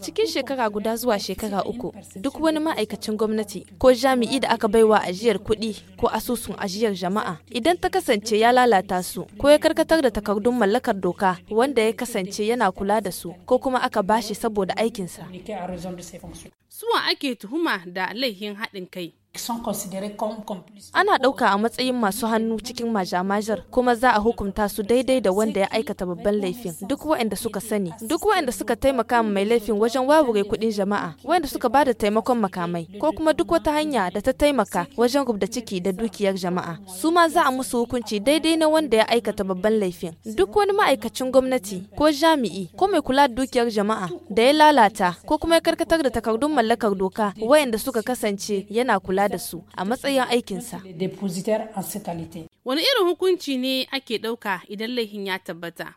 cikin shekara guda zuwa shekara uku duk wani ma'aikacin gwamnati ko jami'i da aka baiwa ajiyar kuɗi ko asusun ajiyar jama'a idan ta kasance ya lalata su ko ya karkatar da takardun mallakar doka wanda ya kasance yana kula da su ko kuma aka bashi saboda aikinsa suwa ake tuhuma da laihin haɗin kai Ana ɗauka a matsayin masu hannu cikin majamajar kuma za a hukunta su daidai da wanda ya aikata babban laifin duk waɗanda suka sani duk waɗanda suka taimaka mai laifin wajen wawure kuɗin jama'a waɗanda suka bada taimakon makamai ko kuma duk wata hanya da ta taimaka wajen rubda ciki da dukiyar jama'a su ma za a musu hukunci daidai na wanda ya aikata babban laifin duk wani ma'aikacin gwamnati ko jami'i ko mai kula da dukiyar jama'a da ya lalata ko kuma ya karkatar da takardun mallakar doka waɗanda suka kasance yana kula da su a matsayin aikinsa. Wani irin hukunci ne ake ɗauka idan laifin ya tabbata?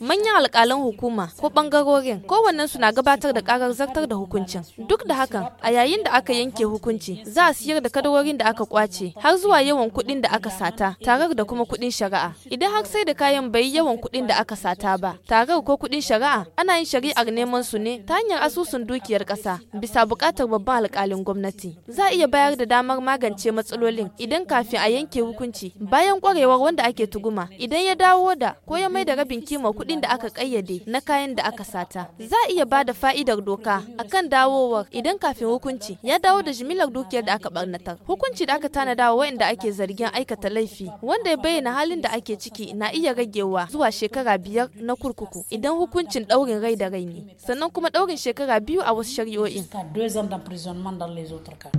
Manyan alƙalan hukuma ko ɓangarorin kowannen su na gabatar da ƙarar zartar da hukuncin. Duk da hakan, a yayin da aka yanke hukunci, za a siyar da kadarorin da aka kwace har zuwa yawan kuɗin da aka sata, tarar da kuma kuɗin shari'a. Idan har sai da kayan bai yawan kuɗin da aka sata ba, tarar ko kuɗin shari'a, ana yin shari'ar neman su ne ta hanyar asusun dukiyar ƙasa bisa buƙatar babban babban alkalin gwamnati za a iya bayar da damar magance matsalolin idan kafin a yanke hukunci bayan kwarewar wanda ake tuguma idan ya dawo da ko ya mai da rabin kima kuɗin da aka ƙayyade na kayan da aka sata za a iya ba da fa'idar doka akan dawowar idan kafin hukunci ya dawo da jimillar dukiyar da aka barnatar hukunci da aka tanadawa wa waɗanda ake zargin aikata laifi wanda ya bayyana halin da ake ciki na iya ragewa zuwa shekara biyar na kurkuku idan hukuncin ɗaurin rai da rai ne sannan kuma ɗaurin shekara biyu a wasu shari'o'in dans les autres cas.